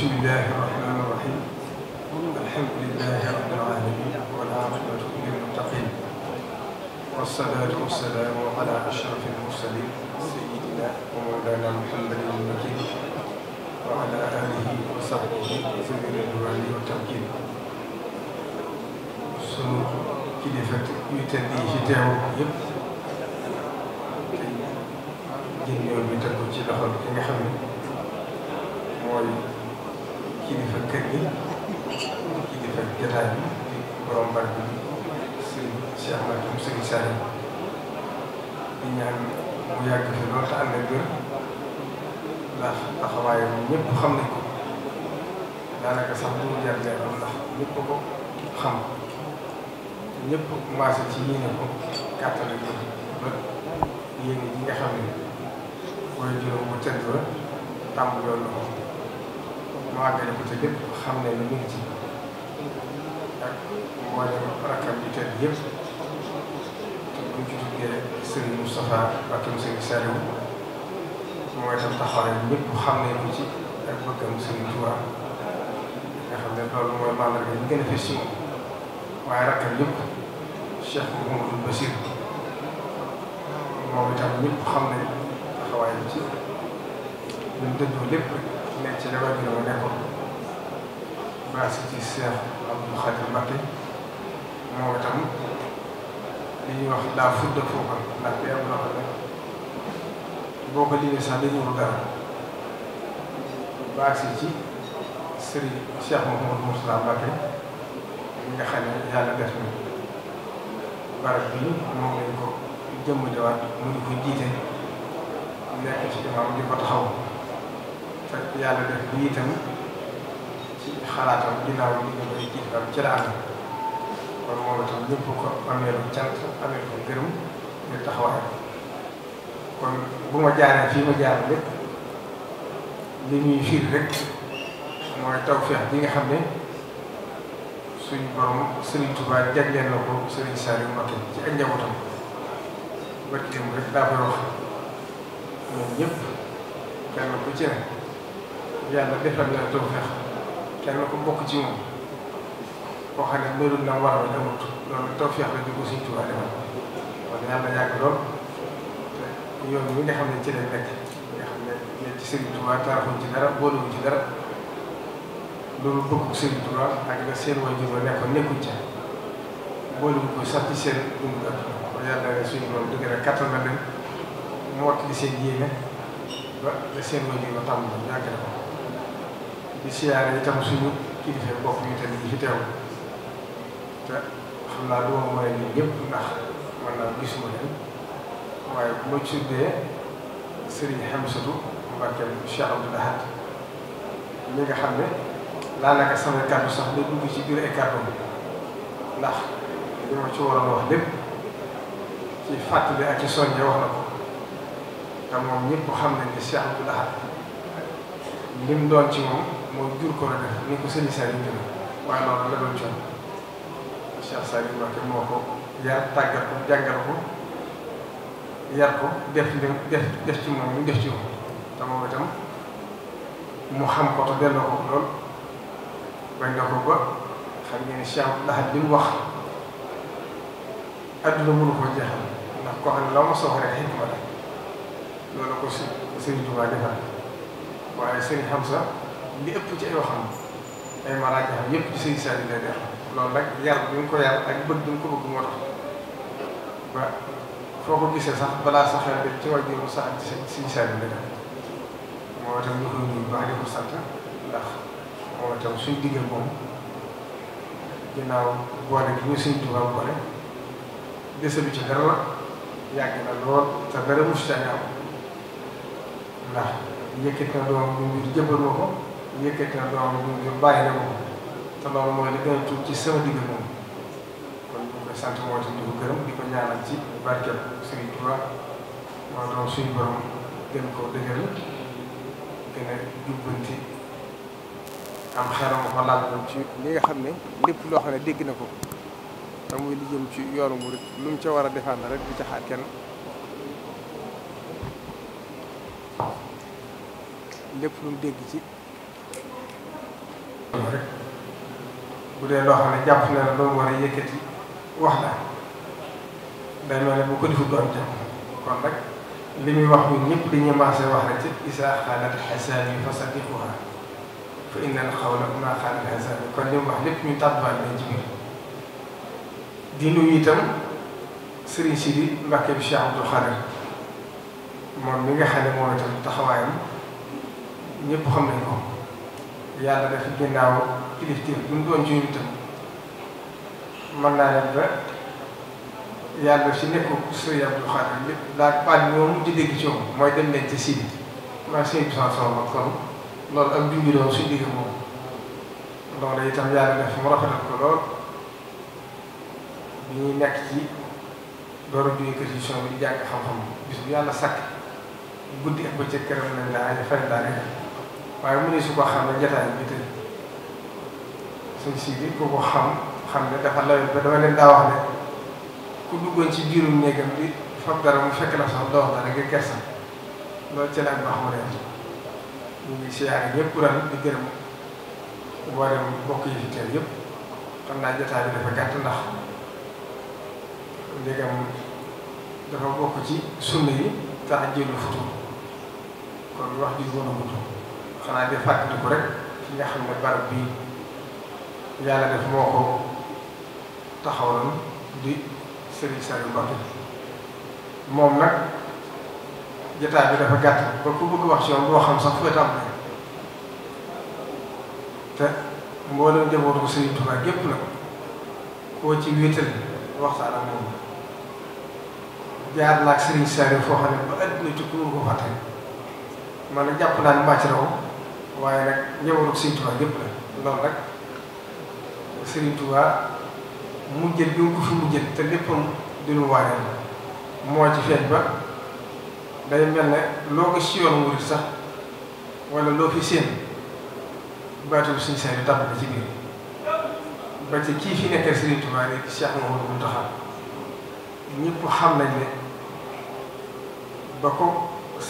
bismillahi rahmani rahim alhamdulilahi rabbil alamin wal aqibatu lil muttaqin wassalatu wassalamu ala ashrafil mursalin sayyidina wa mawlana muhammadin al-makin wa ala alihi wa sahbihi zawil ridwani wa tamkin sunu kilifa yu tedd yi fi teew yëpp jën yoon bi tegu ci loxol ki nga xam ne kilifa kër gi kilifa jotaay bi borom bar bi sëriñ Cheikh Matou sëriñ Saliou di ñaan mu yàgg fi loolu te ànd ak wér ndax taxawaayam ñëpp xam nañ ko daanaka sax bu mu jar leeral ndax ñëpp ko xam ñëpp commencé ci yéene ko kàttan ak yéen ba yéen ñi nga xam ne mooy juróom bu tedd ba tàmbaloon na ko. mu àggale ko te lépp xam ne ni mu ngi ci ak mboolem rakkam yu tedd yëpp te buñ ci tuddee Serigne Moustapha Bakkim Serigne Saliou mooy tam taxawal ñëpp xam ne ko ci ak bëggam Serigne Touba nga xam ne loolu mooy mandarga yi gën a fës ci moom waaye rakkam yëpp Cheikh Mouhamadou Bassir moom itam ñëpp xam ne taxawaay bi ci ñun dëggoo lépp ne ci la wàññi wu nekkoon ci Seex Abdou Khadim Mbacké moo itam li ñuy wax daa fudda foofa ndax day am loo xam ne boo ko liggéey sax dañu war dara baas ci sëriñ Cheikh Mouhamadou Moustapha Mbacké mi nga yàlla def na barab bii moom lañ ko jëmmaliwaat mu ngi ko jiite nekk ci imaam di ko taxaw. te yàlla def bi itam ci xalaatam ginnaaw bi ñu koy jiital ci la amee kon moom itam ñëpp ko amee lu cant amee lu gërëm ñu taxawaay kon bu ma jaaree fii ma jaar lépp li ñuy fiir rek mooy tawfeex bi nga xam ne suñu borom Serigne Touba jagleel la ko Serigne Saliou Mbacké ci ak njabootam ba tey rek daa koy wax ñoom ñëpp kenn ci ne yàlla defal na la tawfeex kenn ku bokk ci moom koo xam ne loolu la war a demut loolu tawfeex la ñu ko Sëriñ Tuubaa defal kon yàlla yàgg lool yoon wi nga xam ne ci ne ñun ci Sëriñ Tuubaa ci dara loolu bëgg Sëriñ Tuubaa nekkoon nekkuñ ca boolewuñ ko sax ci seen dund ak kon yàlla suñu loolu dëgg kattan na leen mu wat li seen yéene la seen wàllu ba tàmm yàgg na ko. di siyaare itam suñu kilifa bopp yi tamit ñu fi teew te xam naa du ma mooy nii ñëpp ndax man gisuma leen waaye bu ma ci tuddee Serigne Hamsatu Mbàkke Cheikh Abdou Lahad mi nga xam ne daanaka sama kàddu sax day dugg ci biir ay bi ndax li ma ci wax lépp ci fàttali ak ci soññe wax na ko te moom ñëpp xam nañ ne Cheikh Abdou lim doon ci moom. moom jur ko la def ni ko sëriñ Saliou jëlee waaye loolu la doon coono Cheikh Saliou Mbacké moo ko yar tàggat ko jàngal ko yar ko def def def ci moom ñu def ci moom te itam mu xam ko te delloo ko lool bañ na ko wax adduna mënu ko jeexal ndax koo xam ne la ma soxla rek xikma la loolu ko si Sëriñ Tuubaa defal waaye Sëriñ Hamza li ëpp ci ay waxam ay maraajaam yëpp ci sëñ Saliou lay def loolu rek yar bi nga ko yar ak bëgg bi nga ko bëgg moo ba foo ko gisee sax balaa sax ci wàllu mu sax ci sëñ Saliou lay def moo tax ñu koy nuyu baax di ko sant ndax moo tax suñ diggee moom ginnaaw boole gi ñu sëñ Tuubaa boole dese bi ci dara na lool te dara mu si am ndax yëkkati ko yëkkati na doom bu bàyyi na ko te loolu mooy li gën a tuut ci sama digg moom kon ñu koy sant moo tax ko gërëm di ko ñaanal ci barkeb Serigne Touba moo doon suñu borom gën koo dëgëral gën a jubbanti am xelam ko laaj ci li nga xam ne lépp loo xam ne dégg na ko te muy jëm ci yoonu murid lu mu ca war a defaan rek du ca xaar kenn lépp lu mu dégg ci bu dee loo xam ne jàpp na la doo war a yëkkati wax la day mel ne bu ko defu doon jàpp kon nag li muy wax ñun ñëpp dañuy maase wax rek ci isa xaalat xasaani fa sadiquha fa inna al xawla ma xaalat xasaani kon li mu wax lépp ñu tàbbaal nañ ci biir di nuyu itam sëriñ si bi Cheikh Abdou Khadir moom mi nga xam ne moom itam taxawaayam ñëpp xam nañ ko yàlla def kilifteef bi mu doon ci ñun itam mën naa leen ba yàlla si nekkul sëñ Abdou Khadre lépp daal baat bi moom di ci moom mooy dem leen ci Sidi maa sëñ bi sans loolu ak junj doon suñu digg moom loolu itam yàlla def mu rafetal ko lool bi nekk ci dooru bi question bi di jàng xam-xam bis bu yàlla sàkk guddi ak bëccëg këram lañ laa ay fay laa waaye mu ne su xam ne jotaay bi tey. sëñ si bi ku xam xam ne dafa lawet ba dama leen daa wax ne ku duggoon ci biirum néegam bi fab dara mu fekk la sax doo dara nga kersa loolu ci laaj baax yëpp xam naa jotaay dafa ndax dafa bokk ci sunna yi te ajjilu futu kon wax ji gën a xanaa di fàttali ko rek fi nga xam ne barab bii yàlla def moo ko taxawaloon di Serigne Saliou Mbacké moom nag jotaay bi dafa gàtt ba ku bëgg wax ci moom boo xam sax fooy tàmbalee te mboolem njabootu Serigne Touba gépp nag koo ci wéetal waxtaan ak moom jaar naa ak Serigne Saliou foo xam ne ba àdduna ci kuur ko fàtte man nag jàpp naa ne mbàcc na ko waaye nag njabootu Serigne Touba gépp la loolu nag. Serigne Touba mu jël bi mu ko fi mu te léppam di lu waajal moo ci feeñ ba day mel na loo ko si yoon wurit sax wala loo fi séen baatu suñu saa yu tàmbali ci biir ba ci kii fi nekkal Serigne Touba rek Cheikh Mouhamadou Mountakha ñëpp xam nañ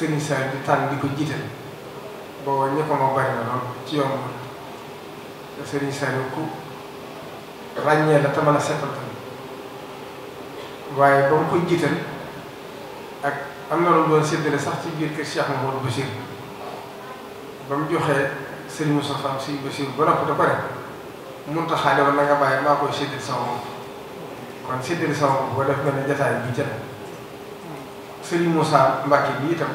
ne ba di tànn di ko jiital booba ñëpp ràññee la te mën a seetal waaye ba mu koy jiital ak am na lu doon séddale sax ci biir kër Cheikh Mamadou Bachir ba mu joxee Serigne Moustapha Sy Bachir ba noppi da ko def mënut a xaale wala ba def nga ne jotaay bi jënd Serigne Moussa Mbacke bi itam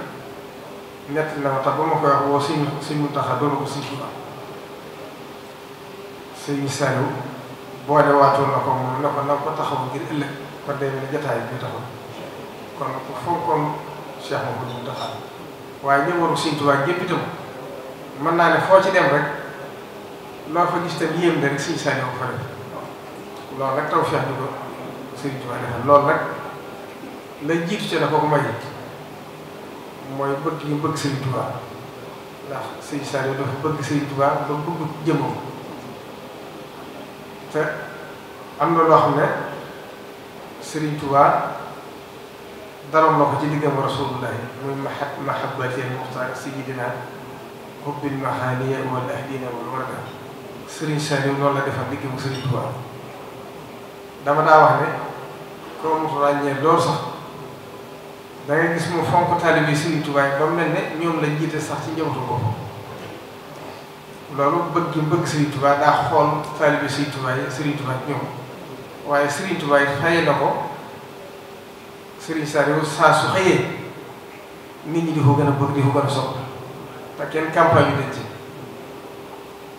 nett na ma tax ba ma koy wax woo Serigne Serigne boole waatoon na ko moom ne ko na ko taxaw ngir ëllëg kon day mel ni jotaay bi taxaw kon ku fonkoon Cheikh Mouhamadou Mountakha waaye ñëwaru Sëriñ Tuubaa ñëpp itam mën naa ne foo ci dem rek loo fa gis tam yéem de rek Sëriñ Saliou fa def loolu rek tawfeex loolu rek la jiitu ca la ko ko mooy bëgg ñu bëgg Sëriñ Tuubaa ndax Sëriñ Saliou dafa bëgg Sëriñ Tuubaa ba bëgg jëmmam te am na loo xam ne Serigne Touba daroon na ko ci diggam rasulullahi muy mahabbatil muxtaar sayyidina hubbil maxaaniya noonu la defal diggam Serigne Touba dama daa wax ne koo mu ràññee lool sax da gis mu fonk taalibe Serigne Touba yi ba mu ne ñoom lañ jiite sax ci njabootu boppam. loolu bëgg gi bëgg Serigne Touba daa xool taalibe Serigne Touba yi Serigne Touba ñëw waaye Serigne na ko Serigne Saliou saa su xëyee nit ñi di ko gën a bëgg di ko gën a sopp kenn campagne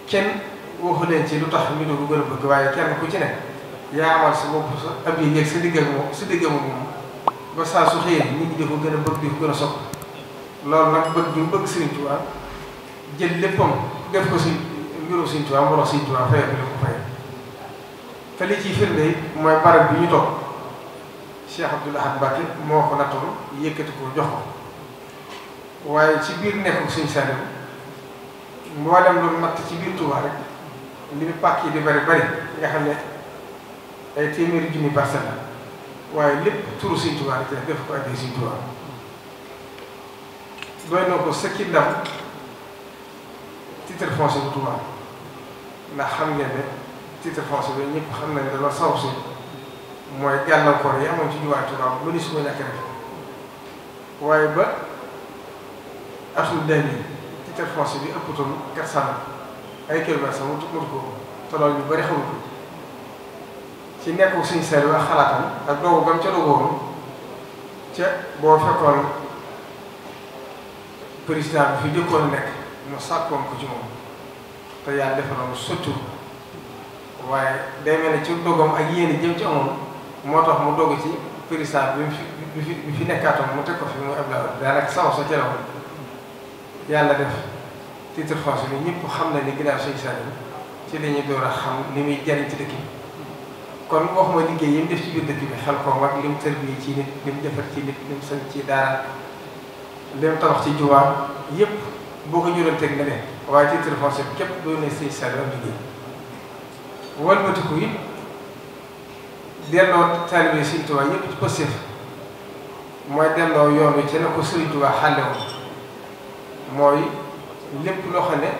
yu leen ci lu tax ñu di ko waaye kenn ku yaa amal sa bopp sa ab saa su xëyee nit ñi di a bëgg loolu nag bëgg gi bëgg Serigne Touba jël léppam. def ko si mbirum Sëriñ Tuubaa mbooloo Sëriñ Tuubaa fayal ko li ko fayal te li ciy firnde yi mooy barab bi ñu toog Cheikh Abdoul Ahad Mbacké moo ko nattoon yëkkati ko jox ko waaye ci biir nekkul Sëriñ Saliou mboolem lu matt ci biir Tuubaa li pàkk yi di bari bari nga xam ne ay téeméeri junni parcelle waaye lépp turu Sëriñ Tuubaa rek def ko addee Sëriñ Tuubaa doy na ko sëkki titre foncier bu Touba ndax xam ngeen ne titre foncier bi ñëpp xam nañ ne la sabab si mooy gàllankoor yi amoon ci juwaay Touba ba ni su waaye ba atum dernier titre foncier bi ëpputoon quatre cent ay kilomètres sama tukku ko te loolu ñu bëri xamu ko ci nekkul suñu seetlu ak xalaatam ak doogu gam ca dogoonu ca boo fekkoon président bi fi jëkkoon nekk. ñu sàkkoon ko ci moom te yàlla def mu sotti waaye day mel ne ci dogam ak yéen jëm ci amoon moo tax mu dogg ci président bi mu fi bi fi bi fi mu teg ko fi mu Abdoulaye daanaka saw sa ca la yàlla def titre foncier bi ñëpp xam na ni ginnaaw Sëñ ci la ñuy door a xam li muy jariñ ci dëkk bi kon waxuma liggéey yi mu def ci biir dëkk bi xel ko war lim tërbi ci nit lim defar ci nit ci daara lim tabax ci juwaa yépp boo ko jural teg leneen waaye ci titre foncier bi képp doo ne say sàrra liggéey walbatiku yi delloo taalibe Sëriñ Tuubaa yëpp ci positif mooy delloo yoon wi ci na ko Sëriñ Tuubaa xàlle woon mooy lépp loo xam ne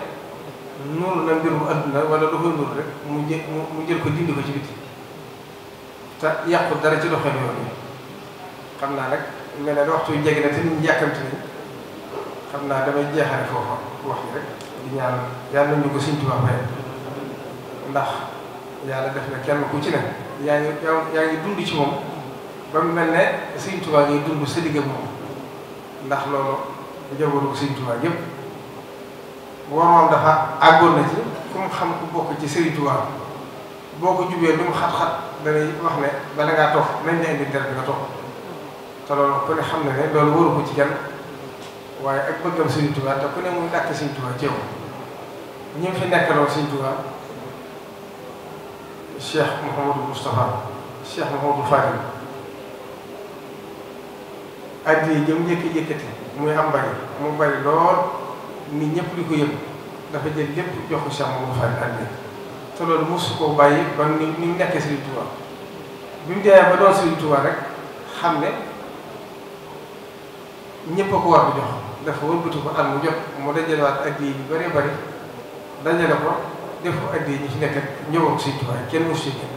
nuuru na mbir mu àdduna wala lu koy nuur rek mu jël ko dindi ko ci biti te yàqu dara ci doxalin yoon wi xam naa nag mel ne waxtu wi jege na te nit yàkkamti nañ xam naa damay jeexale foofa wax yi rek di ñaan yàlla ñu ko Sëriñ Tuubaa fayal ndax yàlla def na kenn ku ci ne yaa ngi yaa ngi dund ci moom ba mu mel ne Sëriñ Tuubaa ngay dund sa digg moom ndax loolu njabootu Sëriñ Tuubaa yëpp na ci fu mu boo ko jubee lu mu xat-xat danay wax ne bala ngaa toog nañ la indi dara nga toog te loolu ku ne xam ne ne loolu waru ko ci kenn. waaye ak bëggam Sëriñ Tuubaa te ku ne muy dàkk Sëriñ Tuubaa teew ñu fi nekkaloo Sëriñ Tuubaa Cheikh Mouhamadou Moustapha Cheikh Mouhamadou Fadil addi yi jëm njëkk yëkkati muy am bari mu bari lool nit ñëpp di ko yëg dafa jël lépp jox ko Cheikh Mouhamadou Fadil addi te loolu mosu koo bàyyi ba ni ni mu nekkee Sëriñ Tuubaa bi mu dee ba doon Sëriñ Tuubaa rek xam ne ñëpp a ko war a jox dafa wëlbatu ko am mu jot mu dajalewaat ak yi bari bari dajale ko def ko ak yi ñu ci nekk ñëwoon si tubaab kenn mu si kenn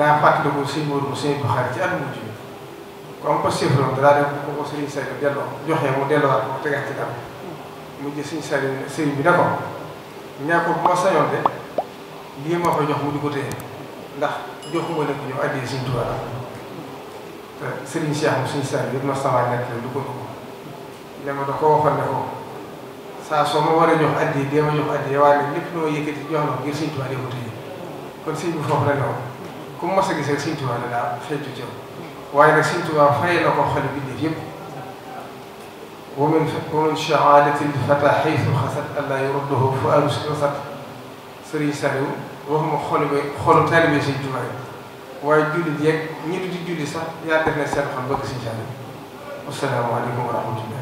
naa fàttaliku si mbuur mu sëñ Buxaari ci mu jub ko séfloon daa def ko ko sëriñ delluwaat mu tegaat ci dara mu jël sëriñ Saliou bi ne ko ñaa ko bu jox mu di ko téye ndax joxuma ne ko ñëw addee sëriñ Tuubaa te sëriñ Cheikh mu sëriñ Saliou yëpp ma sama nekk du ko ne ma da ko waxoon ne ko saa soo ma war a jox addi dee ma jox addi waaye nag lépp loo yëkkati jox na ko ngir Sëñ Tuubaa dee ko tëjee kon sëñ bi foofu la ne woon ku mu mos a gisee Sëñ Tuubaa la daa feeñtu ci waaye nag Sëñ Tuubaa fay na ko xol bindéef yëpp wa min wa min shahaadati l-fataa haysu xasat allaa yurudduhu fuaadu sat sëriñ Saliou waxuma xol bi xolu taalibe Sëñ Tuubaa yi waaye jullit yeeg ñi di julli sax yaa def na seen xol bëgg Sëñ Saliou asalaamaaleykum wa rahmatullah